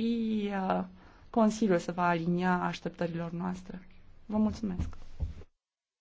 și uh, Consiliul se va alinia așteptărilor noastre. Vă mulțumesc!